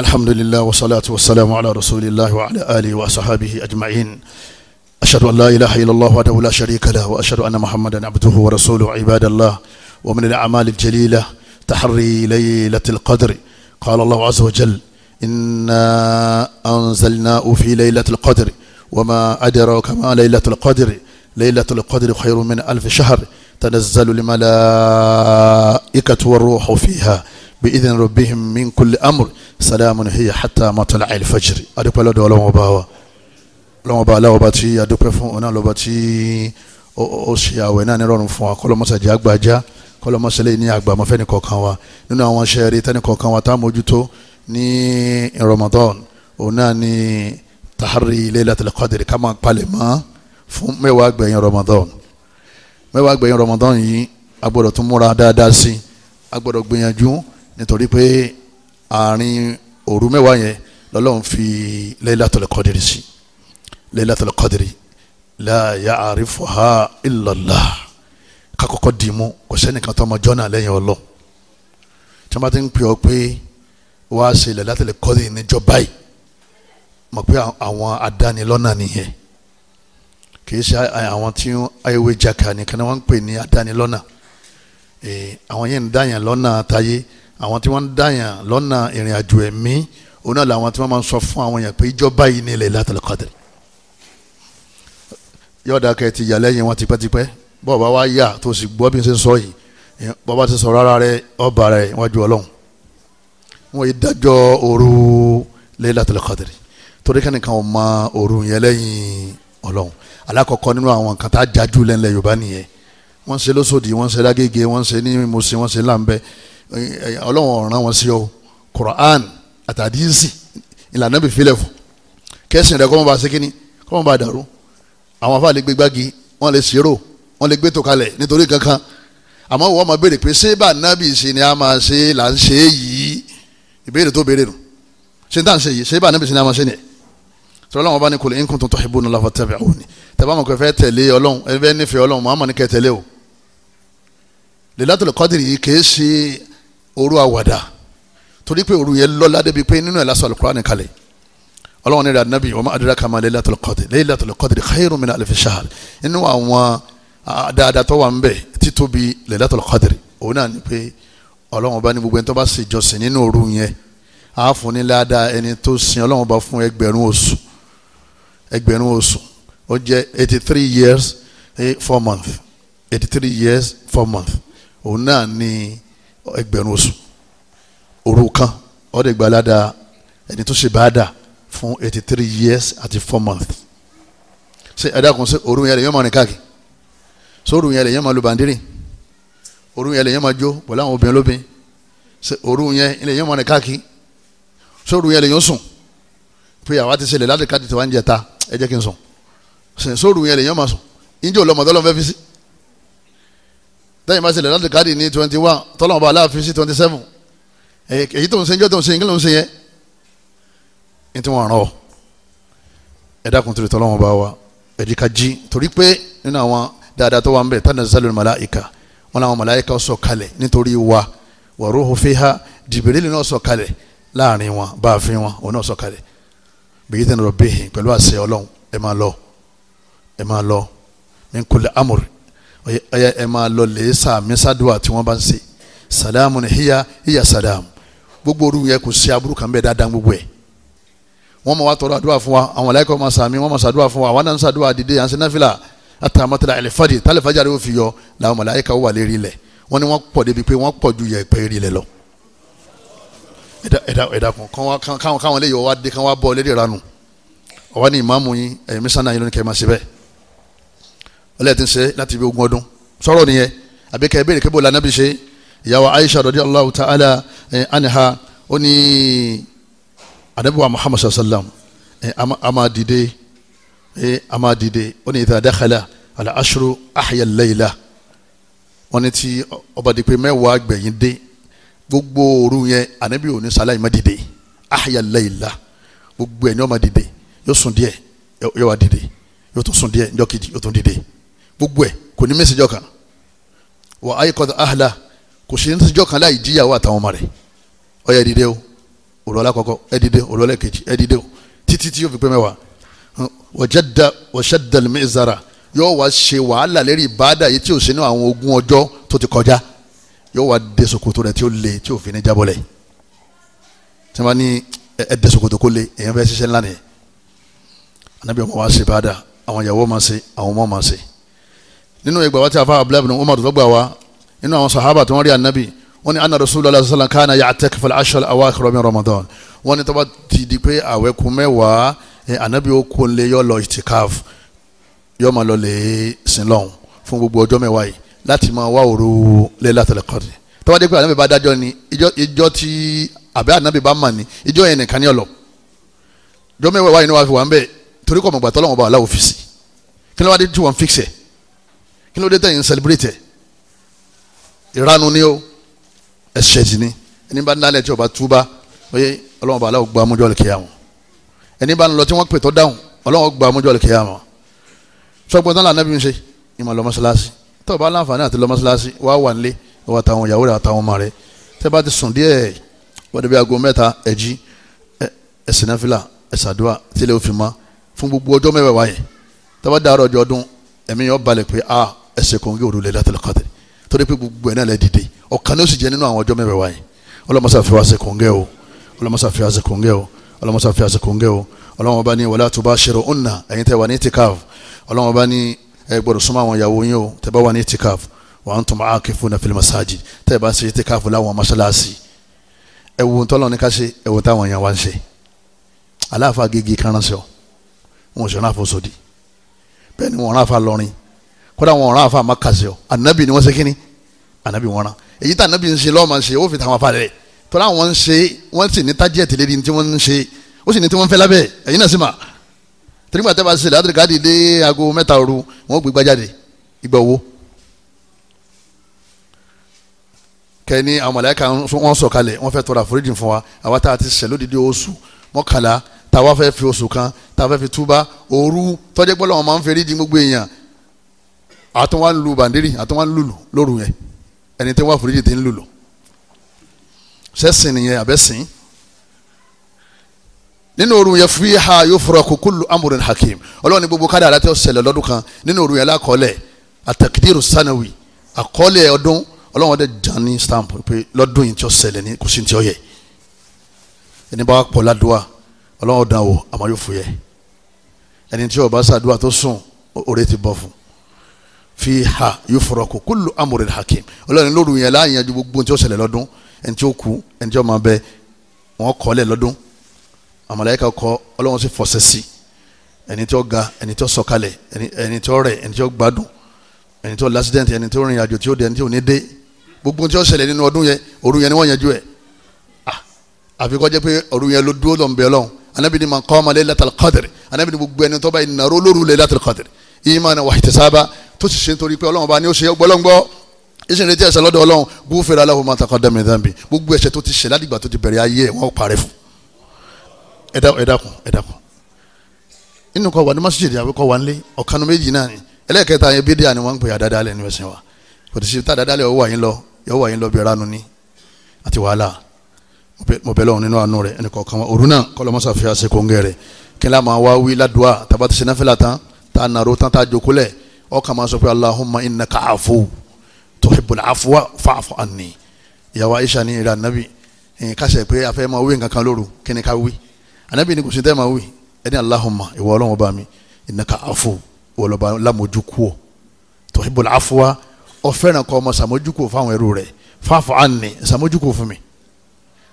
الحمد لله والصلاة والسلام على رسول الله وعلى آله وصحبه أجمعين أشهد أن لا إله إلا الله وحده لا شريك له وأشهد أن محمدا عبده ورسوله عباد الله ومن الأعمال الجليلة تحري ليلة القدر قال الله عز وجل إنا أنزلناه في ليلة القدر وما أدراك ما ليلة القدر ليلة القدر خير من ألف شهر تنزل الملائكة والروح فيها بإذن ربهم من كل أمر سلام هي حتى مطلع الفجر أدوك لدو الله وباوا lọ́wọ́ bá aláwọ̀ bá tí adúpẹ́ fún ọ̀nà lọ́ba tí ó ṣe àwẹ̀ náà nírọ̀rùn fún wa kọ́lọ́mọ́sàjì àgbàjá kọ́lọ́mọ́sẹ̀lẹ̀ ní àgbà mọ́fẹ́ nìkọ̀ọ̀kan wa nínú àwọn iṣẹ́ rí tẹ́nìkọ̀ọ̀kan wa tá a mójútó ní Ramadan òun náà ní tahari Laylatul Qadr ká máa palẹ̀ mọ́ fún mẹ́wàá gbẹ̀yìn Ramadan mẹ́wàá gbẹ̀yìn Ramadan yìí a tún múra dáadáa sí a gbìyànjú nítorí pé àárín òru mẹ́wàá yẹn lọ́lọ́run fi Laylatul Qadri sí Laylatul Qadri la ya'rifuha illa Allah kakọ́kọ́ dì í mú kò sẹ́nìkan tó ọmọ jọ́nà lẹ́yìn ọlọ́ tí wọ́n bá ti ń pè ọ́ pé wá ṣe Laylatul Qadri níjọ́ báyìí mọ̀ pé àwọn adánilọ́nà nìyẹn kìí ṣe àwọn tí ayéwé jaka nìkan ni wọ́n ń pè ní adánilọ́nà àwọn yẹn ń dá yẹn lọ́nà táyé àwọn tí wọ́n ń dáyàn lọ́nà ìrìn àjò ẹ̀mí òun náà làwọn tí wọ́n máa ń sọ fún àwọn èèyàn pé ìjọba yìí ní ilẹ̀ látàlẹ́ kọ́dẹ̀ yọ̀ọ̀dà kẹ́ ti yà lẹ́yìn wọn tipẹ́tipẹ́ bọ́ọ̀bá wa yà tó sì gbọ́ bí n ṣe ń sọ yìí bọ́ọ̀bá ti sọ rárá rẹ ọba rẹ wájú ọlọ́run wọn yìí dájọ́ òru lẹ́yìn látàlẹ́ kọ́dẹ̀ torí kẹ́nìkan ò mọ òru ọlọ́run ọ̀ràn wọn sí ọ Quran àtàdísì ìlànà bí filẹ̀ fún kẹ́sìn rẹ kọ́mọba sékíní kọ́mọba dàrú àwọn afáà lè gbé gbági wọ́n lè ṣèrò wọ́n lè gbé tó kalẹ̀ nítorí kankan àmọ́ wọ́n máa béèrè pé ṣé bá nábì ṣe ni a máa ṣe là ń ṣe yìí ìbéèrè tó béèrè nù ṣé n tà ń ṣe yìí ṣé bá nábì ṣe ni a máa ṣe nìyẹn sọlá wọn bá ní kul in kuntum tuhibbuna Allah fattabi'uni tẹ̀bá mọ̀ kò fẹ́ tẹ̀lé ọlọ́run ẹ fẹ́ nífẹ̀ẹ́ ọlọ́run Muhammad ní kẹ́ tẹ̀lé o Lailatul Qadr yìí kì í ṣe òru àwàdà torí pé òru yẹn lọ́lá débi pé nínú ẹ̀ lásán alukur'an kalẹ̀ ọlọ́run ní ìrànàbí wọ́n máa adraka ma laylatul qadr laylatul qadr khayrun min alfi shahr inú àwọn dáadáa tó wà ń bẹ̀ títóbi laylatul qadr òun náà ni pé ọlọ́run bá ní gbogbo ẹni tó bá sì jọsìn nínú òru yẹn á fún ní ládàá ẹni tó sin ọlọ́run bá fún ẹgbẹ̀rún oṣù ẹgbẹ̀rún oṣù ó jẹ́ eighty three years eh, four months eighty three years four months òun náà ni ẹgbẹ̀rún oṣù òru kan ọ̀dẹ̀ gbalada ẹni tó ṣe báàdà fún eighty three years àti four months ṣe ẹ̀dá kan ṣe òru yẹn lè yẹn máa rìn káàkiri ṣe òru yẹn lè yẹn máa lu bàndírì òru yẹn lè yẹn máa jó pẹ̀lú àwọn obìnrin lóbìn ṣe òru yẹn lè yẹn máa rìn káàkiri ṣe òru yẹn lè yẹn sùn pé àwa ti ṣẹlẹ̀ láti ká ti tiwa ń jẹ ta ẹ jẹ́ kí n sùn ṣe òru yẹn lè yẹn máa sùn ìjọ lọ́mọdé ọlọ́mọ fẹ́ fi sí tẹ́yìn bá ṣẹlẹ̀ láti kárì ní twenty one tọ́lọ́mọba aláàfin sí twenty seven èyí tó ń ṣe ń jọ́ tó ń ṣe ń kí ló ń ṣe yẹn ní tí wọ́n rán ọ ẹ dákun torí tọ́lọ́mọba wa ẹ jí ká jí torí pé nínú àwọn dáadáa tó wà ń bẹ tánà zálù màláìka wọn làwọn màláìka sọ̀ kalẹ̀ nítorí wa wa ruhu fiha jìbìrìlì náà sọ̀ kalẹ̀ láàrin wọn bá a fi wọn òun náà sọ̀ kalẹ̀ bìyí tẹ̀ ní rọ̀ bẹ́ẹ̀ pẹ̀lú àṣẹ ọlọ́run ẹ máa lọ ẹ máa lọ min kulli amr ọyẹ ẹ máa lọ lè sàmì sàdúà tí wọ́n bá ń ṣe sàdámù ni híyà híyà sàdámù gbogbo orú yẹ kò sí aburú kan bẹ́ẹ̀ dáadáa gbogbo ẹ̀ wọ́n máa wá tọrọ àdúrà fún wa àwọn aláìkọ́ máa sàmì wọ́n máa sàdúrà fún wa àwọn náà ń sàdúrà dìde à ń ṣe náfìlà àtàmọ́tàlá ẹ̀lẹ́fàdì tálẹ́fàjà rẹ̀ ó fi yọ làwọn màláíkà wà lérí lẹ̀ wọ́n ní wọ́n pọ̀ débi pé wọ́n pọ̀ ju yẹ̀pẹ̀ rí lẹ̀ lọ ẹ̀dá kan káwọn lè yọ wá dé káwọn wá lédè ranu ọ̀wá ní ìmáàmù yín ẹ̀yìn yín lónìí kẹ́ máa ṣe bẹ́ẹ̀ ọlẹ́yà ti ń ṣe láti ibi ogún ọdún sọ̀rọ̀ nìyẹn àbí kẹ́ ẹ béèrè kébò lànà bí ṣe ìyàwó Aisha radiyallahu ta'ala eh, anha ó ní anabiwa Muhammad sallam eh, ama dìde ama eh, dìde ó ní idha dakhala al-ashru ahya al-layla wọ́n ní tí ọba dìpé mẹ́wàá gbẹ̀yìn dé gbogbo òru yẹn anabi ò ní sálà yìí má dìde ahya al-layla gbogbo ẹ̀ ní ó máa dìde yóò sùn díẹ̀ yóò wá dìde yóò tún sùn díẹ̀ ní yóò tún dìde gbogbo ẹ̀ kò ní mẹ́sẹ̀jọ́ kan wà á yẹ kọ́ ahla kò sí mẹ́sẹ̀jọ́ kan láì jíyàwó àtàwọn ọmọ rẹ̀ ó yá dìde o òlọ́lá kọ́kọ́ ẹ dìde òlọ́lá kejì ẹ dìde o títí tí yóò fi pé mẹ́wàá wàjẹ́dà wàṣẹ́dà lẹ́mẹ́zara yóò wá ṣe wàhálà lérí ìbáàdà yìí tí ò sínú àwọn ogún ọjọ́ tó ti kọjá yóò wá dé ṣòkòtò rẹ̀ tí ó le tí ò fi ní jábọ́lẹ̀ tí wọ́n ní ẹ dé ṣòkòtò kó le èèyàn fẹ́ ṣiṣẹ́ ńlá nìyẹn anábìyàn máa wá ṣe ìbáàdà àwọn ìyàwó máa ṣe àwọn ọmọ máa ṣe nínú ìgbà wa tí afa abdullahi bin umar tó gbà wá nínú àwọn sahaba tí wọ́n rí anabi wọ́n ní anna rasulullah sallam kana ya'takifu al-ashra al-awakhir min ramadan wọ́n ní tó ti di pé àwẹ̀ kù mẹ́wàá anabi ó kó lé yọ itikaf yọ lọ lè sin fún gbogbo ọjọ́ mẹ́wàá yìí láti máa wá òru Lailatul Qadr tó bá pé anabi bá dájọ́ ni ìjọ tí àbẹ́ anabi bá mà ní ìjọ yẹn nìkan ní ọ̀lọ́ ọjọ́ mẹ́wàá yìí ni fi wà ń bẹ̀ torí kọ̀ mọ̀gbà tọ́lọ́wọ́n bá wà láwọ̀ kí ló wá dé tí wọ́n fíksẹ̀ kí ló dé tẹ̀yìn celebrate ìranu ni o ẹ̀ṣẹ̀ sì ni ẹni bá dálẹ̀ tí o bá túbá oye ọlọ́run bá aláwọ̀ gba amújọ́ lẹ́kẹ̀ẹ́ àwọn ẹni bá ń lọ tí wọ́n pè tọ́ dáhùn ọlọ́run gba amújọ́ lẹ́kẹ̀ẹ́ àwọn sọgbọ́n tán lànà bí n ṣe ìmọ̀ lọ mọ́ṣáláṣí tó o bá láǹfààní àti lọ mọ́ṣáláṣí wàá wà nílé wàá tàwọn ìyàwó rẹ̀ àtàwọn ọmọ rẹ̀ tẹ́ bá ti sùn díẹ̀ wọ́n débi aago mẹ́ta ẹ̀jí ẹ̀sìnáfìlà ẹ̀sàdúà tílé òfin ma fún gbogbo ọjọ́ mẹ́wàá yẹn tẹ́ bá dàárọ̀ ọjọ́ ọdún ẹ̀mí yẹn balẹ̀ pé ah ẹsẹ̀ kọ̀ǹgẹ́ òru Laylatul Qadr torí pé gbogbo ẹ̀ náà lẹ́ dìde ọ̀kan ní ó sì jẹ́ nínú àwọn ọjọ́ mẹ́wàá yìí ọlọ́mọsá fi wá ṣe o ọlọ́mọsá fi wá ṣe o ọlọ́mọsá fi wá ṣe o ọlọ́mọ bá ní wala tubashiruunna ẹ̀yin tẹ́ wà ní itikaf ọlọ́mọ bá ní ẹ gbọ́dọ̀ súnmọ́ àwọn ìyàwó yín o tẹ́ bá wà ní itikaf wa antum aakifuna fil masajid tẹ́ bá ń ṣe itikaf láwọn mọ́ṣáláṣí ẹ wo ní ká ṣe táwọn èèyàn wá ń ṣe aláàfáà gègé káránṣẹ́ wọn ò sì rán lọ́rin kódà wọn ọ̀ràn àfa àmàkàsí ọ ànábì ni wọ́n ṣe kínní ànábì wọn rán èyí tí ànábì ń ṣe lọ́ọ́ máa ṣe ó fi tàwọn afa rẹ̀ tọ́lá wọn ń ṣe wọ́n sì ní tájẹ́ẹ̀tì lédi tí wọ́n ń ṣe ó sì ní tí wọ́n fẹ́ lábẹ́ ẹ̀yin náà sì mà tìrìgbà tẹ́ bá ṣe ládùúgbò káàdì dé aago mẹ́ta òru wọ́n gbé gbájáde ìgbà owó kẹ́ni àwọn màláíkà wọ́n sọ̀kalẹ̀ wọ́n fẹ́ tọrọ àforíjì fún wa àwa tá a ti ṣẹ̀ lódìdí oṣù mọ́kànlá tàwa fẹ́ fi oṣù kan tàwa fẹ́ fi túbá òru tọ́jẹ́ máa ń fẹ́rí gbogbo èèyàn àtún wá ń lu bàndírì àtún wá ń lùlù lóru yẹn ẹni tí wọ́n àforíjì ti ń lùlù sẹ́sìn nìyẹn àbẹ́sìn nínú òru yẹn fi ha yóò fura kullu amúrin hakim ọlọ́run ní gbogbo káàdà àdá tí ó ṣẹlẹ̀ lọ́dún kan nínú òru yẹn lákọọ́lẹ̀ àtàkìdírù sanawi àkọọ́lẹ̀ ọdún ọlọ́run ọdẹ jan ní stamp pé lọ́dún yìí tí ó ṣẹlẹ̀ ní kò sí ti ọ yẹ ẹni bá pọ̀ ládùúwà ọlọ́run ọdàn wò àmọ́ yóò fòyẹ ẹni tí ó bá ṣàdúrà tó sùn òrè ti bọ̀ fún fiha yufuraku kullu amrin hakim ọlọ́run lóru yẹn láàyànjú gbogbo tí ó ṣẹlẹ̀ lọ́dún ẹni tí ó kú ẹni tí ó máa bẹ wọn kọ́lẹ̀ lọ́dún àmàlẹ́kà kọ ọlọ́run sì fọṣẹ sí ẹni tí ó ga ẹni tí ó sọ̀kalẹ̀ ẹni tí ó rẹ̀ ẹni tí ó gbádùn ẹni tí ó lásìdẹ́ǹtì ẹni tí ó rìn àjò tí ó dé ẹni tí ò ní dé gbogbo tí ó ṣẹlẹ̀ nínú ọdún yẹn òru yẹn ni wọ́n yanjú ẹ̀ àfi kó pé òru yẹn ló dúró lọ́nbẹ̀ ọlọ́run anabi ni man qama laylatal qadr anabi ni gbogbo ẹni tó bá ìnáró lóru laylatal qadr imana wa ihtisaba tó sì ṣe nítorí pé ọlọ́run bá ní ó ṣe ọgbọ́lọ́ngbọ́ ìṣe ìrètí ẹ̀ṣẹ̀ lọ́dọ̀ ọlọ́run gúfèrè aláwọ̀ máa takọ̀ dẹ́mi dẹ́mi gbogbo ẹ̀ṣẹ̀ tó ti ṣe ládìgbà tó ti bẹ̀rẹ̀ ayé ẹ̀ wọ́n parẹ́ fún ẹ dákun inú kọ wà ní masjid àbí kọ wà nílé ọ̀kanu méjì náà ni ẹlẹ́ẹ̀kẹta yẹn bídí àni wọ́n ń pè àdádálẹ̀ ní ẹ̀sìn wa kò tí sí tá àdádálẹ̀ ọwọ́ àyín lọ yọwọ́ àyín lọ bí ranu ní àti wàhálà mo bẹ̀ lọ́wọ́ nínú àánú rẹ̀ ẹnì kọ̀ọ̀kan wa òru náà kọ́ lọ́mọ́sá fi àṣekọ̀ǹgẹ̀ rẹ̀ kí n lá wá wí ládùá tàbá ti tán tá a nàró tán tá a jókòó lẹ̀ ọkàn máa sọ pé Allahumma innaka afu tuhibbul afwa fa'fu anni ìyàwó Aisha ní ìrà nàbì kásẹ̀ pé afẹ́ máa wí nǹkan kan lóru kí ni ká wí ànábì ní kò sí tẹ́ máa wí ẹni Allahumma ìwọ ọlọ́run ọba mi innaka afu wọlọba lámójú kú ọ tuhibbul afwa ọ̀fẹ́ràn kọ́ ọmọ sàmójúkò fáwọn ẹrú rẹ̀ fáfọ àní sàmójúkò fún mi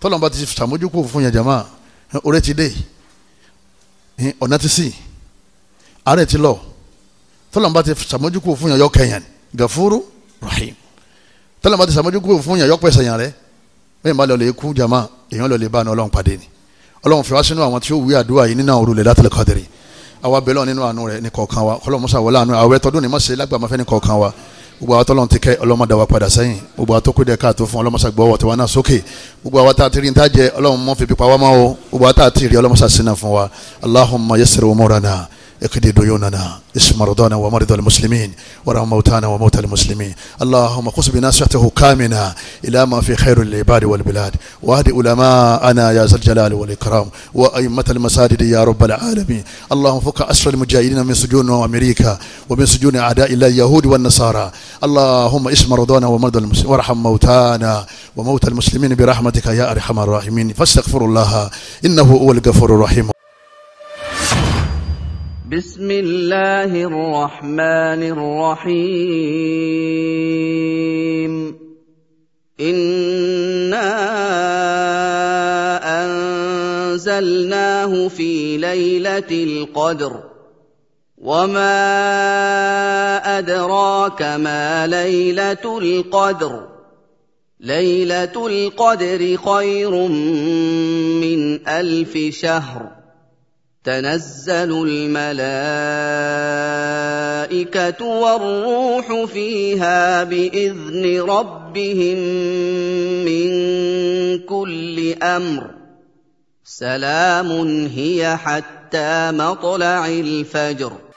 tọ́lọ́mọba tọ́lọ́mùbá ti sàmójúkú fún yàn yọ kẹyàn gafuru rahim tọ́lọ́mùbá ti sàmójúkú fún yàn yọ pẹ̀sẹ̀ yàn rẹ bẹ́ẹ̀ bá lọ́ọ́ lè kú jama èèyàn lọ́ọ́ lè bá ní ọlọ́run pàdé ni ọlọ́run fi wá sínú àwọn tí ó wí àdúrà yìí nínú àwọn òrùlé látàlẹ́ kọ́dẹ̀rì àwa bẹ́ẹ̀ lọ́ọ̀ nínú àánú rẹ ní kọ̀ọ̀kan wa kọ́lọ́ musa wọlé àánú àwẹ̀ tọdún ní má ṣe lágbàá máfẹ́ ní kọ̀ọ̀kan wa gbogbo àwọn tọ́lọ́run ti kẹ́ ọlọ́mọdà wa padà sẹ́yìn gbogbo àwọn tó kú káàtó fún ọlọ́mọsà gbọ́ wọ̀ tiwa náà sókè gbogbo àwọn tá a ti rí níta jẹ ọlọ́run mọ́ fi pípa wá máa wo gbogbo àwọn tá a ti rí ọlọ́mọsà sínú fún wa allahumma yassir umurana اقضي ديوننا اسم مرضانا ومرضى المسلمين وارحم موتانا وموتى المسلمين اللهم قص بناصيته كامنة إلى ما في خير العباد والبلاد واهد علماءنا يا ذا الجلال والإكرام وأئمة المساجد يا رب العالمين اللهم فك أسر المجاهدين من سجون أمريكا ومن سجون أعداء الله اليهود والنصارى اللهم اسم مرضانا ومرضى المسلمين وارحم موتانا وموتى المسلمين برحمتك يا أرحم الراحمين فاستغفر الله إنه هو الغفور الرحيم بسم الله الرحمن الرحيم انا انزلناه في ليله القدر وما ادراك ما ليله القدر ليله القدر خير من الف شهر تنزل الملائكه والروح فيها باذن ربهم من كل امر سلام هي حتى مطلع الفجر